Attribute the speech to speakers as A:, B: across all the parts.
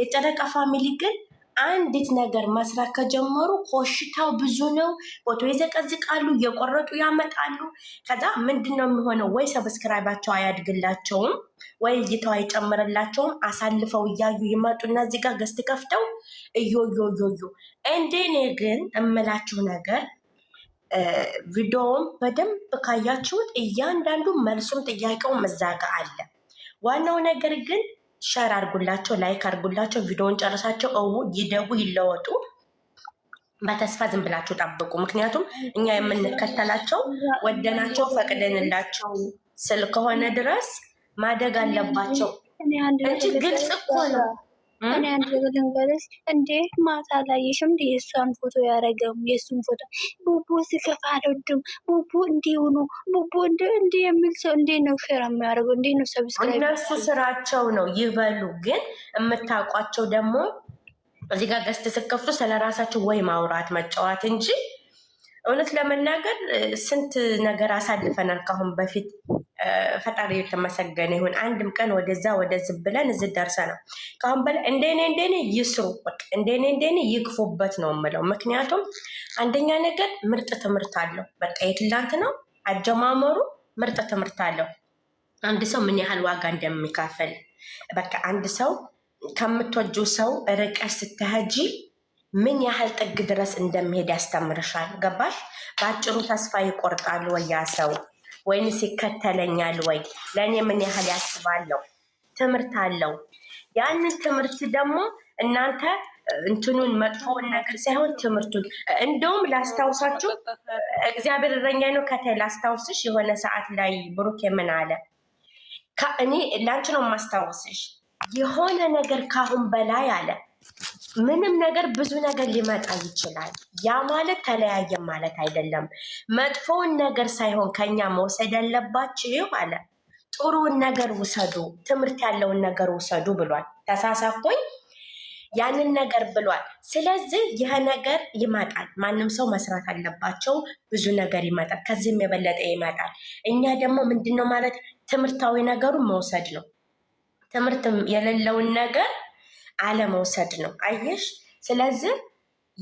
A: የጨረቃ ፋሚሊ ግን አንዲት ነገር መስራት ከጀመሩ ኮሽታው ብዙ ነው። ፎቶ ይዘቀዝቃሉ፣ እየቆረጡ ያመጣሉ። ከዛ ምንድን ነው የሚሆነው? ወይ ሰብስክራይባቸው አያድግላቸውም፣ ወይ እይታው አይጨምርላቸውም። አሳልፈው እያዩ እና እዚህ ጋር ገዝት ከፍተው እዮዮዮዮ። እንዴኔ ግን እምላችሁ ነገር ቪዲዮውም በደንብ ካያችሁት እያንዳንዱ መልሱም ጥያቄውም መዛጋ አለ። ዋናው ነገር ግን ሸር አድርጉላቸው፣ ላይክ አድርጉላቸው። ቪዲዮውን ጨርሳቸው እው ይደቡ ይለወጡ። በተስፋ ዝም ብላችሁ ጠብቁ። ምክንያቱም እኛ የምንከተላቸው ወደናቸው ፈቅደንላቸው ከሆነ ድረስ ማደግ አለባቸው እንጂ ግልጽ እኮ ነው። እኔ አንድ ነገር ልንገርሽ እንዴ ማታ አላየሽም እንደ የእሷን ፎቶ ያደረገው የእሱን ፎቶ ቡቡ ሲከፋ አልወድም ቡቡ እንዲህ ሆኖ ቡቡ እንዲህ የሚል ሰው እንዴ ነው ሼር የሚያደርገው እንዴ ነው ሰብስክራይብ እነሱ ስራቸው ነው ይበሉ ግን የምታውቋቸው ደግሞ እዚህ ጋር ገዝት ስከፍቱ ስለ ራሳቸው ወይ ማውራት መጫወት እንጂ እውነት ለመናገር ስንት ነገር አሳልፈናል ከአሁን በፊት ፈጣሪ የተመሰገነ ይሁን። አንድም ቀን ወደዛ ወደዚህ ብለን እዚህ ደርሰናል። ከአሁን በላይ እንደኔ እንደኔ ይስሩ፣ እንደኔ እንደኔ ይግፉበት ነው የምለው። ምክንያቱም አንደኛ ነገር ምርጥ ትምህርት አለው። በቃ የትላንት ነው አጀማመሩ ምርጥ ትምህርት አለው። አንድ ሰው ምን ያህል ዋጋ እንደሚካፈል በቃ አንድ ሰው ከምትወጁ ሰው ርቀሽ ስትሄጂ ምን ያህል ጥግ ድረስ እንደሚሄድ ያስተምርሻል። ገባሽ? በአጭሩ ተስፋ ይቆርጣሉ ወያ ሰው ወይንስ ይከተለኛል ወይ? ለእኔ ምን ያህል ያስባለው ትምህርት አለው። ያንን ትምህርት ደግሞ እናንተ እንትኑን መጥፎውን ነገር ሳይሆን ትምህርቱን እንደውም ላስታውሳችሁ፣ እግዚአብሔር እረኛ ነው። ከተ ላስታውስሽ የሆነ ሰዓት ላይ ብሩክ ምን አለ? እኔ ላንቺ ነው የማስታውስሽ የሆነ ነገር ካሁን በላይ አለ ምንም ነገር ብዙ ነገር ሊመጣ ይችላል። ያ ማለት ተለያየ ማለት አይደለም። መጥፎውን ነገር ሳይሆን ከኛ መውሰድ ያለባችሁ አለ ጥሩውን ነገር ውሰዱ፣ ትምህርት ያለውን ነገር ውሰዱ ብሏል። ተሳሳትኩኝ፣ ያንን ነገር ብሏል። ስለዚህ ይህ ነገር ይመጣል። ማንም ሰው መስራት አለባቸው። ብዙ ነገር ይመጣል፣ ከዚህም የበለጠ ይመጣል። እኛ ደግሞ ምንድን ነው ማለት ትምህርታዊ ነገሩን መውሰድ ነው። ትምህርት የሌለውን ነገር አለመውሰድ ነው። አየሽ? ስለዚህ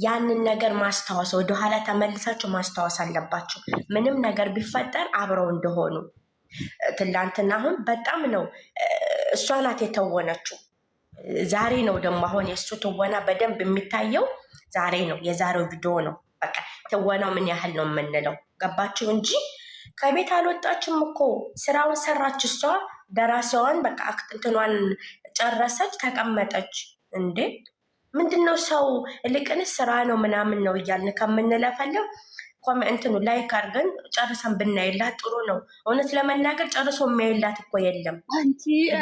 A: ያንን ነገር ማስታወስ፣ ወደኋላ ተመልሳቸው ማስታወስ አለባቸው ምንም ነገር ቢፈጠር አብረው እንደሆኑ። ትላንትና አሁን በጣም ነው እሷ ናት የተወነችው። ዛሬ ነው ደግሞ አሁን የእሱ ትወና በደንብ የሚታየው ዛሬ ነው። የዛሬው ቪዲዮ ነው። በቃ ትወናው ምን ያህል ነው የምንለው ገባችሁ? እንጂ ከቤት አልወጣችም እኮ ስራውን ሰራች እሷ። ደራሲዋን በቃ እንትኗን ጨረሰች፣ ተቀመጠች። እንዴ ምንድን ነው ሰው ልቅን ስራ ነው ምናምን ነው እያልን ከምንለፈለው እንትኑ ላይክ አድርገን ጨርሰን ብናይላት ጥሩ ነው። እውነት ለመናገር ጨርሶ የሚያይላት እኮ የለም፣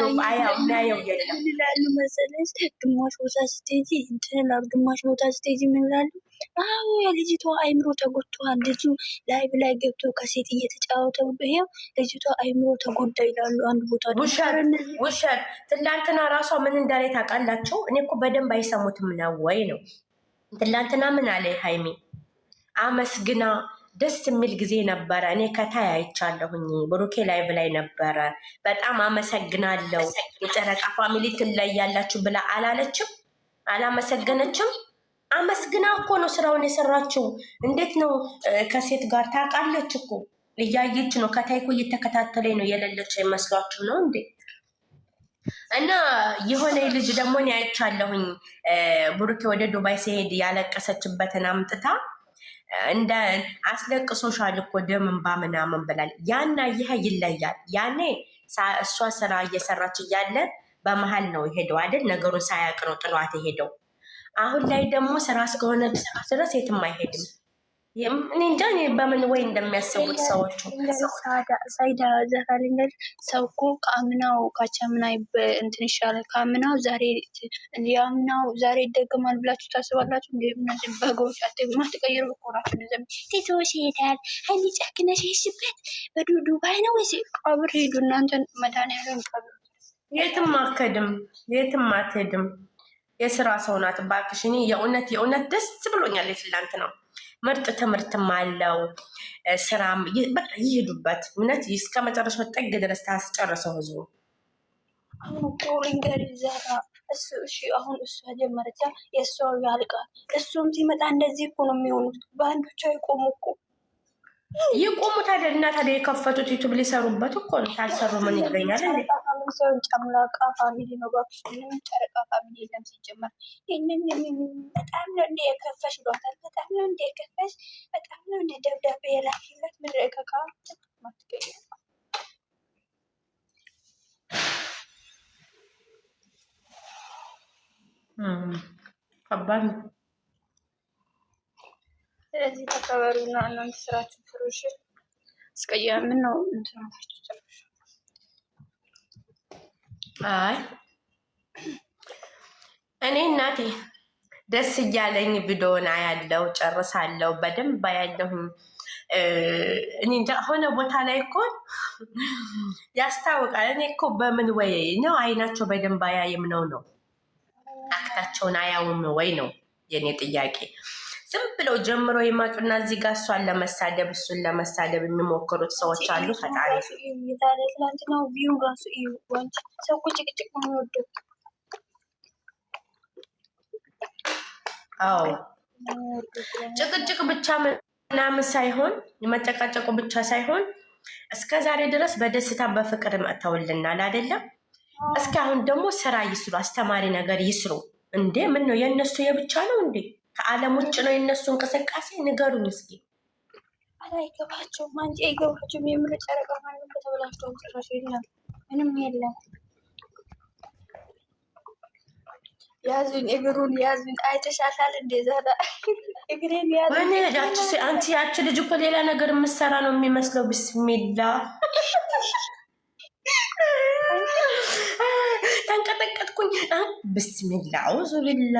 A: የሚያየው የለም ይላሉ መሰለሽ። ግማሽ ቦታ ስቴጂ እንትን ይላሉ፣ ግማሽ ቦታ ስቴጂ ምን ይላሉ? አዎ የልጅቷ አይምሮ ተጎድተዋል። ልጁ ላይቭ ላይ ገብቶ ከሴት እየተጫወተ ይሄው ልጅቷ አይምሮ ተጎዳ ይላሉ። አንድ ቦታ ውሸት። ትላንትና ራሷ ምን እንዳለ ታውቃላችሁ? እኔ እኮ በደንብ አይሰሙትም ነው ወይ ነው ትላንትና ምን አለ ሀይሜ አመስግና ደስ የሚል ጊዜ ነበረ። እኔ ከታይ አይቻለሁኝ ብሩኬ ላይቭ ላይ ነበረ። በጣም አመሰግናለሁ የጨረቃ ፋሚሊ ትለያላችሁ ብላ አላለችም? አላመሰገነችም? አመስግና እኮ ነው ስራውን የሰራችው። እንዴት ነው ከሴት ጋር ታውቃለች እኮ እያየች ነው። ከታይኮ እየተከታተለኝ ነው የሌለች ይመስሏችሁ ነው እንዴ? እና የሆነ ልጅ ደግሞ እኔ አይቻለሁኝ ብሩኬ ወደ ዱባይ ሲሄድ ያለቀሰችበትን አምጥታ እንደ አስለቅሶሻል እኮ ደም እንባ ምናምን ብላል። ያና ይህ ይለያል። ያኔ እሷ ስራ እየሰራች እያለ በመሀል ነው የሄደው አይደል? ነገሩን ሳያቅ ነው ጥሏት የሄደው። አሁን ላይ ደግሞ ስራ እስከሆነ ድረስ የትም አይሄድም። እኔ እንጃ በምን ወይ እንደሚያስቡት ሰዎች ሳይዳ ሰው እኮ ከአምናው እንትን ይሻላል። ከአምናው ዛሬ የአምናው ዛሬ ይደገማል ብላችሁ ታስባላችሁ? በጎች አትግማ ትቀይሩ ሀይሊ ነው ቀብር እናንተን መድኃኒዓለም ቀብር የትም የትም አትሄድም። የስራ ሰው ናት እኔ የእውነት የእውነት ደስ ብሎኛል የትላንት ነው ምርጥ ትምህርትም አለው። ስራም ይሄዱበት እውነት እስከ መጨረሻ ጠግ ድረስ ታስጨረሰው ህዝቡ አሁን እኮ እሱ እሺ፣ አሁን እሱ ጀመረች፣ የእሷ ያልቃል። እሱም ሲመጣ እንደዚህ እኮ ነው የሚሆኑት። በአንዱ ቻይ ቆሙ እኮ ይቆሙ። ታዲያ እና ታዲያ የከፈቱት ዩቱብ ሊሰሩበት እኮ ነው። ካልሰሩ ምን ይገኛል? ሳይሆን ጨምላቃ ፋሚሊ ነው። እባክሽ ምንም ጨረቃ ፋሚሊ የለም ሲጀመር። ይህንን በጣም ነው እንደ የከፈሽ ብሏታል። በጣም ነው እንደ የከፈሽ፣ በጣም ነው እንደ ደብዳቤ የላሽለት ምድረከካ ማትገኛል ከባድ ነው። ስለዚህ ተከበሩና እናንተ ስራችሁ ፍሩሽ። እስቀያ ነው እንትናችሁ ጨርሽ አይ እኔ እናቴ ደስ እያለኝ ቪዲዮን አያለው ጨርሳለው፣ በደንብ አያለሁኝ። ሆነ ቦታ ላይ እኮ ያስታውቃል። እኔ እኮ በምን ወይ ነው አይናቸው በደንብ አያይም ነው ነው አክታቸውን አያውም ወይ ነው የእኔ ጥያቄ። ዝም ብለው ጀምሮ ይመጡና እዚህ ጋር እሷን ለመሳደብ እሱን ለመሳደብ የሚሞክሩት ሰዎች አሉ። ፈጣሪ አዎ ጭቅጭቅ ብቻ ምናምን ሳይሆን የመጨቃጨቁ ብቻ ሳይሆን እስከ ዛሬ ድረስ በደስታ በፍቅር መጥተውልናል አይደለም። እስኪ አሁን ደግሞ ስራ ይስሩ፣ አስተማሪ ነገር ይስሩ። እንዴ ምን ነው የእነሱ የብቻ ነው እንዴ? ከዓለም ውጭ ነው የነሱ እንቅስቃሴ። ንገሩኝ እስኪ። አይገባቸውም፣ አንቺ አይገባቸውም። የምር ጨረቃ ማለት ጭራሽ የለም፣ ምንም የለም። ያዙኝ፣ እግሩን ያዙኝ። አይተሻታል እንዴ? እግሬን ያዙኝ። ያቺ አንቺ ያቺ ልጅ እኮ ሌላ ነገር የምትሰራ ነው የሚመስለው። ብስሚላ ተንቀጠቀጥኩኝ። ብስሚላ አውዙ ቢላ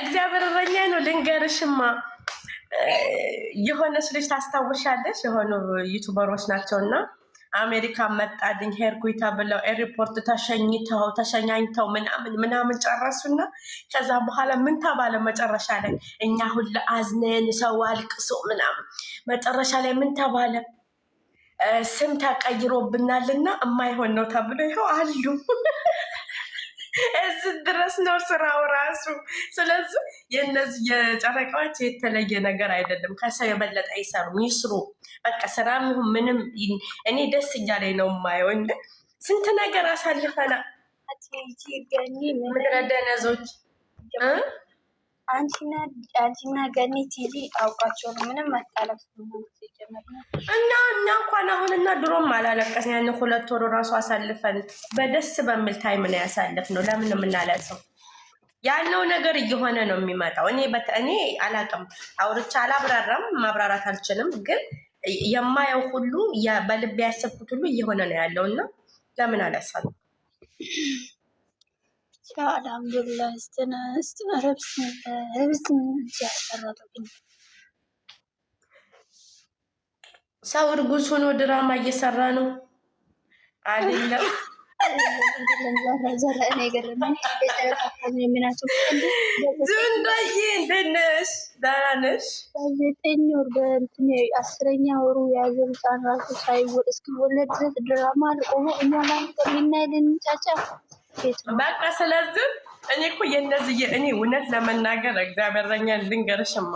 A: እግዚአብሔር እረኛ ነው። ልንገርሽማ የሆነች ልጅ ታስታውሻለች? የሆኑ ዩቱበሮች ናቸው እና አሜሪካ መጣልኝ ሄርኩታ ተብለው ኤርፖርት ተሸኝተው ተሸኛኝተው ምናምን ምናምን ጨረሱና ከዛ በኋላ ምን ተባለ መጨረሻ ላይ እኛ ሁሉ አዝነን ሰው አልቅሶ ምናምን መጨረሻ ላይ ምን ተባለ? ስም ተቀይሮብናልና የማይሆን ነው ተብሎ ይኸው አሉ። እዚህ ድረስ ነው ስራው ራሱ። ስለዚህ የነዚህ የጨረቃዎች የተለየ ነገር አይደለም። ከሰው የበለጠ አይሰሩም፣ ይስሩ። በቃ ስራም ይሁን ምንም እኔ ደስ እያለኝ ነው የማየው። ስንት ነገር አሳልፈናል። ምድረደነዞች አንቺና ገኒ ቲቪ አውቃቸው ምንም አታለፍ እና እና እንኳን አሁን እና ድሮም አላለቀስን። ያን ሁለት ወር እራሱ አሳልፈን በደስ በሚል ታይም ነው ያሳለፍነው። ለምን የምናለቅሰው? ያለው ነገር እየሆነ ነው የሚመጣው። እኔ እኔ አላቅም፣ አውርቻ አላብራራም፣ ማብራራት አልችልም። ግን የማየው ሁሉ በልቤ ያሰብኩት ሁሉ እየሆነ ነው ያለው እና ለምን አላሳል አልሐምዱሊላህ ስ ስ ረብስ ያስፈራለብኝ ሰው እርጉዝ ሆኖ ድራማ እየሰራ ነው አይደለም። ዝንዳዬ እንደት ደህና ነሽ? ዘጠኝ ወር በእንትን አስረኛ ወሩ የያዘ ህፃን ራሱ ሳይወል እስኪወለድ ድረስ ድራማ አልቆሞ እኛ ማለት የሚናይ ልንጫጫ በቃ ስለዚህ እኔ እኮ የእነዚህ እኔ እውነት ለመናገር እግዚአብሔረኛ ልንገርሽማ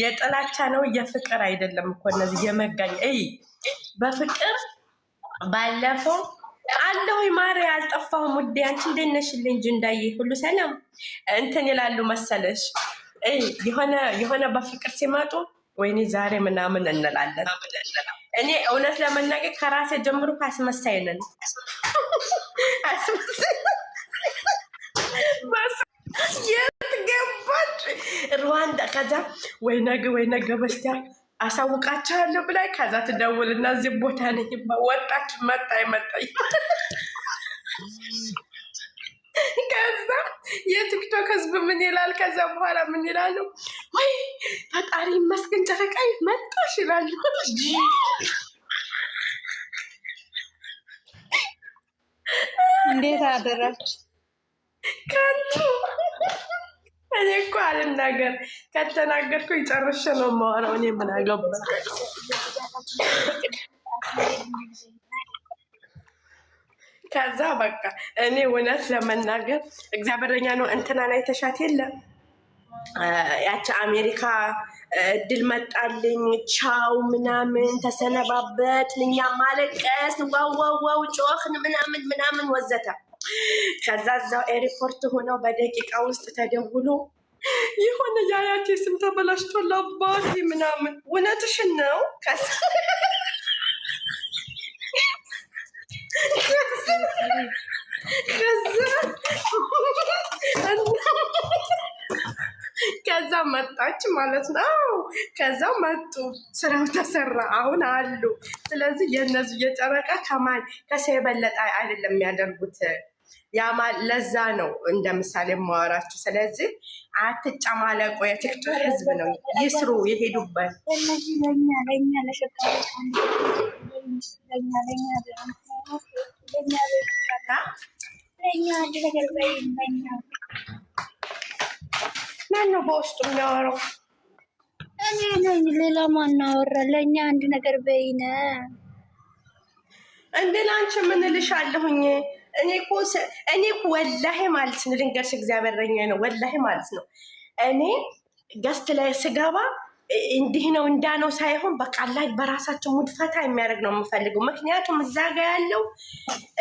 A: የጥላቻ ነው፣ የፍቅር አይደለም እኮ እነዚህ የመጋኝ እይ በፍቅር ባለፈው አለሁ ማሪ አልጠፋሁም ውዴ አንቺ እንዴት ነሽልኝ እንጂ እንዳየ ሁሉ ሰላም እንትን ይላሉ መሰለሽ የሆነ በፍቅር ሲመጡ ወይኔ ዛሬ ምናምን እንላለን። እኔ እውነት ለመናገር ከራሴ ጀምሮ አስመሳይ ነን። የት ገባች ሩዋንዳ? ከዛ ወይ ነገ ወይ ነገ በስቲያ አሳውቃቸዋለሁ ከዛ እዚህ ቦታ ነኝ ወጣች፣ መጣ መጣ ከዛ የቲክቶክ ህዝብ ምን ይላል? ከዛ በኋላ ምን ይላሉ? ወይ ፈጣሪ ይመስገን ጨረቃይ መጣሽ ይላሉ። እንዴት አደራችሁ? ከንቱ እኔ እኮ አልናገር ከተናገርኩ ጨርሼ ነው የማወራው። እኔ ምን አገባ ከዛ በቃ እኔ እውነት ለመናገር እግዚአብሔረኛ ነው። እንትና ላይ ተሻት የለም ያቺ አሜሪካ እድል መጣልኝ፣ ቻው ምናምን ተሰነባበት፣ እኛ ማለቀስ ዋዋዋው ጮህን ምናምን ምናምን ወዘተ ከዛ እዛው ኤሪፖርት ሆኖ በደቂቃ ውስጥ ተደውሎ የሆነ የአያቴ ስም ተበላሽቷል አባቴ ምናምን፣ እውነትሽን ነው። ከዛ መጣች ማለት ነው። ከዛ መጡ፣ ስራው ተሰራ፣ አሁን አሉ። ስለዚህ የእነዚህ የጨረቃ ከማን ከሰው የበለጠ አይደለም የሚያደርጉት ያማ ለዛ ነው እንደ ምሳሌ ማወራችሁ። ስለዚህ አትጨማለቁ። የቲክቶክ ህዝብ ነው ይስሩ፣ ይሄዱበት። ነው በውስጡ የሚያወራው? እኔ ነኝ። ሌላ ማን ለእኛ አንድ ነገር በይነ እንደ ላንቺ የምንልሽ አለሁኝ እኔ እኔ ወላሄ ማለት ነው ልንገርሽ፣ ረኛ ነው ወላሄ ማለት ነው። እኔ ገስት ላይ ስገባ እንዲህ ነው እንዳ ነው ሳይሆን በቃ ላይ በራሳቸው ሙድፈታ የሚያደርግ ነው የምፈልገው። ምክንያቱም እዛ ጋ ያለው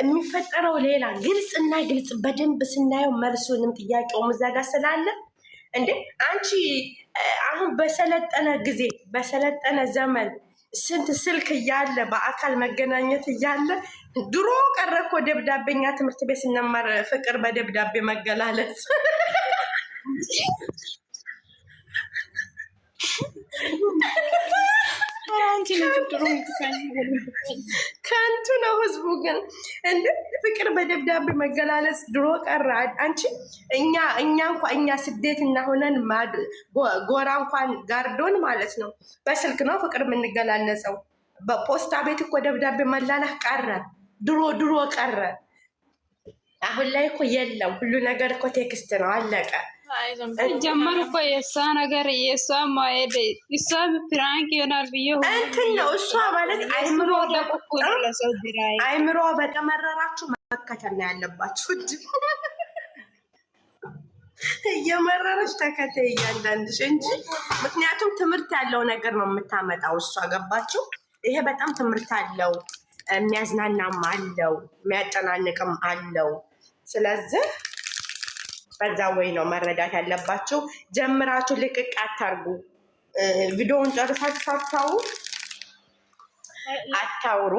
A: የሚፈጠረው ሌላ ግልጽ እና ግልጽ በደንብ ስናየው መልሱንም ጥያቄውም እዛ ጋ ስላለ እንዴ አንቺ አሁን በሰለጠነ ጊዜ በሰለጠነ ዘመን ስንት ስልክ እያለ በአካል መገናኘት እያለ ድሮ ቀረ እኮ ደብዳቤኛ ትምህርት ቤት ስንማር ፍቅር በደብዳቤ መገላለጽ ከንቱ ነው። ህዝቡ ግን እንደ ፍቅር በደብዳቤ መገላለጽ ድሮ ቀረ። አንቺ እኛ እኛ እንኳ እኛ ስደት እናሆነን ሆነን ጎራ እንኳን ጋርዶን ማለት ነው በስልክ ነው ፍቅር የምንገላለጸው። በፖስታ ቤት እኮ ደብዳቤ መላላክ ቀረ። ድሮ ድሮ ቀረ። አሁን ላይ እኮ የለም፣ ሁሉ ነገር እኮ ቴክስት ነው፣ አለቀ። ጀመሩ እኮ የእሷ ነገር የእሷ ማሄድ እሷ ፕራንክ ይሆናል ብዬ እንትን ነው እሷ ማለት አይምሮ በተመረራችሁ መከተል ነው ያለባችሁ። እየመረረች ተከተይ እያንዳንድሽ እንጂ ምክንያቱም ትምህርት ያለው ነገር ነው የምታመጣው እሷ። ገባችሁ? ይሄ በጣም ትምህርት አለው። የሚያዝናናም አለው የሚያጨናንቅም አለው። ስለዚህ በዛ ወይ ነው መረዳት ያለባችሁ። ጀምራችሁ ልቅቅ አታርጉ። ቪዲዮውን ጨርሳችሁ ሳታው አታውሩ።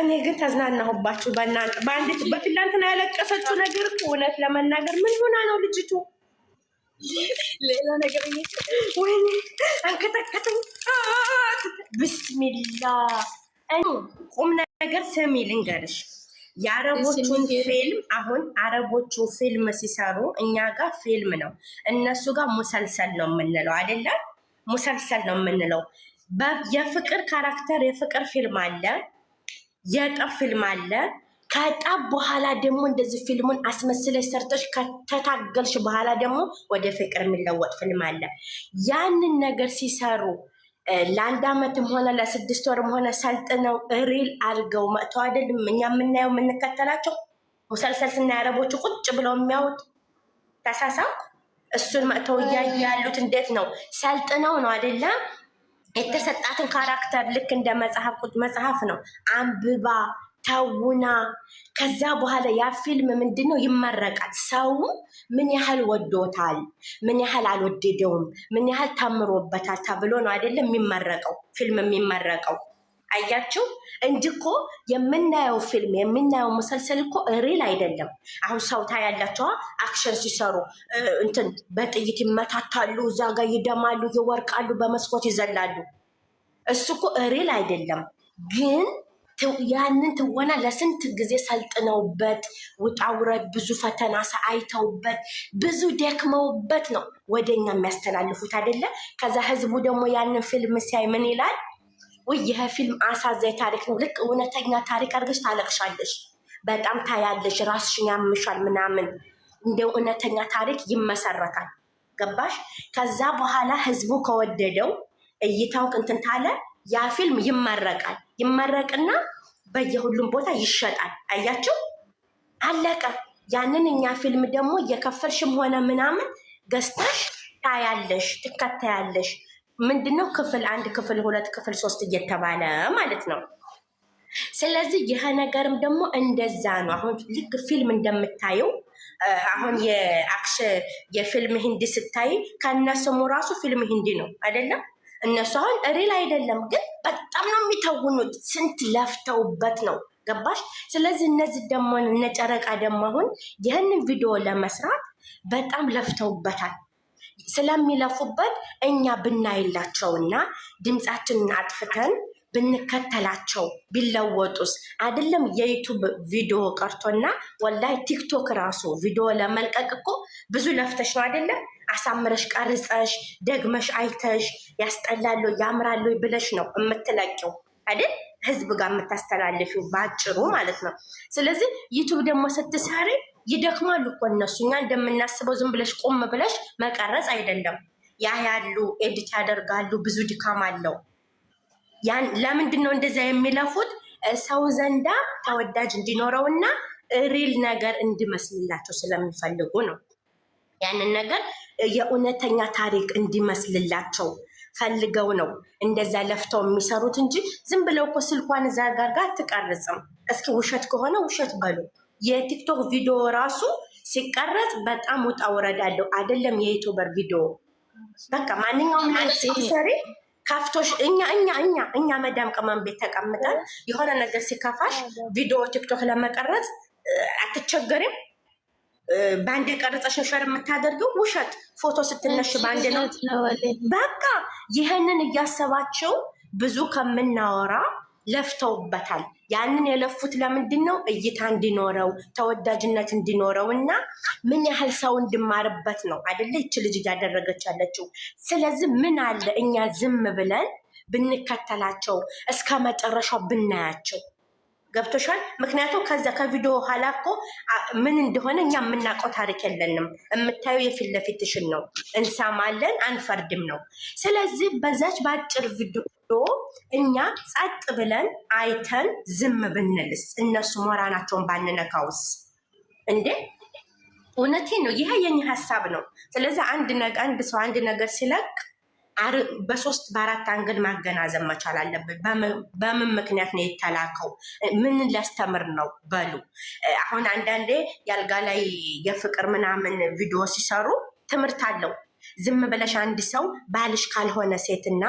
A: እኔ ግን ተዝናናሁባችሁ በእናንተ በአንዲት በትላንትና ያለቀሰችው ነገር እውነት ለመናገር ምን ሆና ነው ልጅቱ? ሌላ ነገር ወይኔ ብስሚላ ቁም ነገር ስሚ ልንገርሽ። የአረቦቹን ፊልም አሁን አረቦቹ ፊልም ሲሰሩ እኛ ጋር ፊልም ነው፣ እነሱ ጋር ሙሰልሰል ነው የምንለው አይደለ? ሙሰልሰል ነው የምንለው። የፍቅር ካራክተር የፍቅር ፊልም አለ፣ የጠብ ፊልም አለ ከጣብ በኋላ ደግሞ እንደዚህ ፊልሙን አስመስለሽ ሰርተሽ ከተታገልሽ በኋላ ደግሞ ወደ ፍቅር የሚለወጥ ፊልም አለ። ያንን ነገር ሲሰሩ ለአንድ ዓመትም ሆነ ለስድስት ወርም ሆነ ሰልጥነው ሪል አድርገው መጥተው አይደለም እኛ የምናየው የምንከተላቸው ሙሰልሰል ስና ያረቦቹ ቁጭ ብለው የሚያዩት ተሳሳብ እሱን መጥተው እያዩ ያሉት እንዴት ነው? ሰልጥነው ነው አይደለም የተሰጣትን ካራክተር ልክ እንደ መጽሐፍ መጽሐፍ ነው አንብባ ተውና ከዛ በኋላ ያ ፊልም ምንድን ነው ይመረቃል። ሰው ምን ያህል ወዶታል፣ ምን ያህል አልወደደውም፣ ምን ያህል ታምሮበታል ተብሎ ነው አይደለም የሚመረቀው ፊልም የሚመረቀው። አያችሁ እንጂ እኮ የምናየው ፊልም የምናየው መሰልሰል እኮ ሪል አይደለም። አሁን ሰውታ ያላቸዋ አክሽን ሲሰሩ እንትን በጥይት ይመታታሉ፣ እዛ ጋር ይደማሉ፣ ይወርቃሉ፣ በመስኮት ይዘላሉ። እሱ እኮ ሪል አይደለም ግን ያንን ትወና ለስንት ጊዜ ሰልጥነውበት ውጣውረት ብዙ ፈተና ሰአይተውበት ብዙ ደክመውበት ነው ወደኛ የሚያስተላልፉት አይደለ? ከዛ ህዝቡ ደግሞ ያንን ፊልም ሲያይ ምን ይላል? ውይ ይህ ፊልም አሳዛኝ ታሪክ ነው፣ ልክ እውነተኛ ታሪክ አድርገሽ ታለቅሻለሽ፣ በጣም ታያለሽ፣ ራስሽን ያምሻል ምናምን፣ እንደ እውነተኛ ታሪክ ይመሰረታል። ገባሽ? ከዛ በኋላ ህዝቡ ከወደደው እይታው እንትን ታለ ያ ፊልም ይመረቃል። ይመረቅና በየሁሉም ቦታ ይሸጣል። አያችሁ፣ አለቀ። ያንን እኛ ፊልም ደግሞ እየከፈልሽም ሆነ ምናምን ገዝታሽ ታያለሽ፣ ትከታያለሽ። ምንድነው ክፍል አንድ፣ ክፍል ሁለት፣ ክፍል ሶስት እየተባለ ማለት ነው። ስለዚህ ይህ ነገርም ደግሞ እንደዛ ነው። አሁን ልክ ፊልም እንደምታየው አሁን የአክሽ የፊልም ሂንዲ ስታይ ከነስሙ ራሱ ፊልም ሂንዲ ነው አይደለም እነሱ አሁን ሪል አይደለም፣ ግን በጣም ነው የሚተውኑት። ስንት ለፍተውበት ነው ገባሽ? ስለዚህ እነዚህ ደግሞ እነ ጨረቃ ደግሞ አሁን ይህንን ቪዲዮ ለመስራት በጣም ለፍተውበታል። ስለሚለፉበት እኛ ብናይላቸውና ድምፃችንን አጥፍተን ብንከተላቸው ቢለወጡስ? አይደለም የዩቱብ ቪዲዮ ቀርቶና ወላይ ቲክቶክ ራሱ ቪዲዮ ለመልቀቅ እኮ ብዙ ለፍተሽ ነው አይደለም አሳምረሽ ቀርጸሽ ደግመሽ አይተሽ ያስጠላል ያምራሉ ብለሽ ነው የምትለቂው አይደል? ህዝብ ጋር የምታስተላልፊው በአጭሩ ማለት ነው። ስለዚህ ዩቱብ ደግሞ ስትሰሪ ይደክማሉ እኮ እነሱ። እኛ እንደምናስበው ዝም ብለሽ ቆም ብለሽ መቀረጽ አይደለም። ያ ያሉ ኤዲት ያደርጋሉ፣ ብዙ ድካም አለው። ያን ለምንድን ነው እንደዚያ የሚለፉት? ሰው ዘንዳ ተወዳጅ እንዲኖረው እና ሪል ነገር እንዲመስልላቸው ስለሚፈልጉ ነው ያንን ነገር የእውነተኛ ታሪክ እንዲመስልላቸው ፈልገው ነው እንደዛ ለፍተው የሚሰሩት እንጂ ዝም ብለው እኮ ስልኳን እዛ ጋር ጋር አትቀርጽም። እስኪ ውሸት ከሆነ ውሸት በሉ። የቲክቶክ ቪዲዮ ራሱ ሲቀረጽ በጣም ውጣ ውረድ አለው። አይደለም የዩቱበር ቪዲዮ በቃ ማንኛውም ሲሰሪ ካፍቶሽ እኛ እኛ እኛ እኛ መዳም ቅመም ቤት ተቀምጠን የሆነ ነገር ሲከፋሽ ቪዲዮ ቲክቶክ ለመቀረጽ አትቸገሪም? በአንድ ቀርጸሽ ሸር የምታደርገው ውሸት ፎቶ ስትነሽ በአንድ ነው። በቃ ይህንን እያሰባቸው ብዙ ከምናወራ ለፍተውበታል። ያንን የለፉት ለምንድን ነው? እይታ እንዲኖረው ተወዳጅነት እንዲኖረው እና ምን ያህል ሰው እንድማርበት ነው አደለ? ይች ልጅ እያደረገች ያለችው። ስለዚህ ምን አለ እኛ ዝም ብለን ብንከተላቸው እስከ መጨረሻው ብናያቸው ገብቶሻል። ምክንያቱም ከዛ ከቪዲዮ ኋላ እኮ ምን እንደሆነ እኛ የምናውቀው ታሪክ የለንም። የምታየው የፊት ለፊትሽን ነው። እንሰማለን፣ አንፈርድም ነው። ስለዚህ በዛች በአጭር ቪዲዮ እኛ ጸጥ ብለን አይተን ዝም ብንልስ እነሱ ሞራናቸውን ባንነካውስ እንዴ? እውነቴ ነው። ይሄ የኔ ሀሳብ ነው። ስለዚህ አንድ አንድ ሰው አንድ ነገር ሲለቅ በሶስት በአራት አንግል ማገናዘብ መቻል አለብን። በምን ምክንያት ነው የተላከው? ምን ሊያስተምር ነው? በሉ አሁን አንዳንዴ ያልጋ ላይ የፍቅር ምናምን ቪዲዮ ሲሰሩ ትምህርት አለው። ዝም ብለሽ አንድ ሰው ባልሽ ካልሆነ ሴትና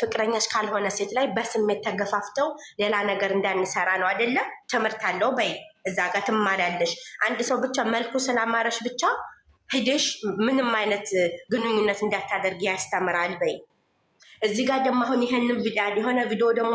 A: ፍቅረኛሽ ካልሆነ ሴት ላይ በስሜት ተገፋፍተው ሌላ ነገር እንዳንሰራ ነው አይደለም። ትምህርት አለው። በይ እዛ ጋር ትማሪያለሽ። አንድ ሰው ብቻ መልኩ ስላማረሽ ብቻ ሂደሽ ምንም አይነት ግንኙነት እንዳታደርግ ያስተምራል። በይ እዚህ ጋር ደግሞ አሁን ይህንን የሆነ ቪዲዮ ደግሞ